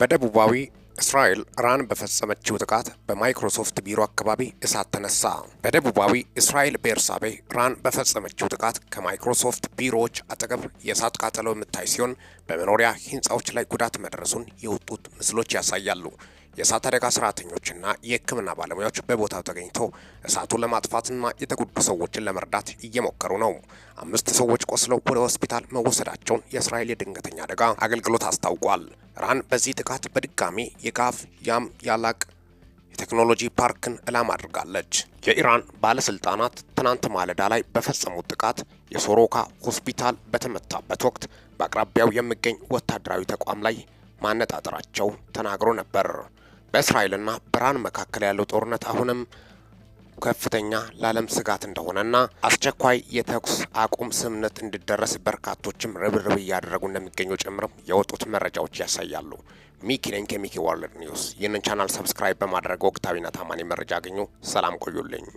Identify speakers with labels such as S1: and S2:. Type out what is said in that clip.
S1: በደቡባዊ እስራኤል ኢራን በፈጸመችው ጥቃት በማይክሮሶፍት ቢሮ አካባቢ እሳት ተነሳ። በደቡባዊ እስራኤል ቤርሳቤ ኢራን በፈጸመችው ጥቃት ከማይክሮሶፍት ቢሮዎች አጠገብ የእሳት ቃጠሎ የምታይ ሲሆን በመኖሪያ ህንፃዎች ላይ ጉዳት መድረሱን የወጡት ምስሎች ያሳያሉ። የእሳት አደጋ ሰራተኞችና የህክምና ባለሙያዎች በቦታው ተገኝተው እሳቱን ለማጥፋትና የተጎዱ ሰዎችን ለመርዳት እየሞከሩ ነው። አምስት ሰዎች ቆስለው ወደ ሆስፒታል መወሰዳቸውን የእስራኤል የድንገተኛ አደጋ አገልግሎት አስታውቋል። ኢራን በዚህ ጥቃት በድጋሚ የጋፍ ያም ያላቅ የቴክኖሎጂ ፓርክን ዕላማ አድርጋለች። የኢራን ባለስልጣናት ትናንት ማለዳ ላይ በፈጸሙት ጥቃት የሶሮካ ሆስፒታል በተመታበት ወቅት በአቅራቢያው የሚገኝ ወታደራዊ ተቋም ላይ ማነጣጠራቸው ተናግሮ ነበር። በእስራኤልና በኢራን መካከል ያለው ጦርነት አሁንም ከፍተኛ ለዓለም ስጋት እንደሆነና አስቸኳይ የተኩስ አቁም ስምምነት እንዲደረስ በርካቶችም ርብርብ እያደረጉ እንደሚገኙ ጭምርም የወጡት መረጃዎች ያሳያሉ። ሚኪ ነኝ ከሚኪ ወርልድ ኒውስ። ይህንን ቻናል ሰብስክራይብ በማድረግ ወቅታዊና ታማኝ መረጃ አገኙ። ሰላም ቆዩልኝ።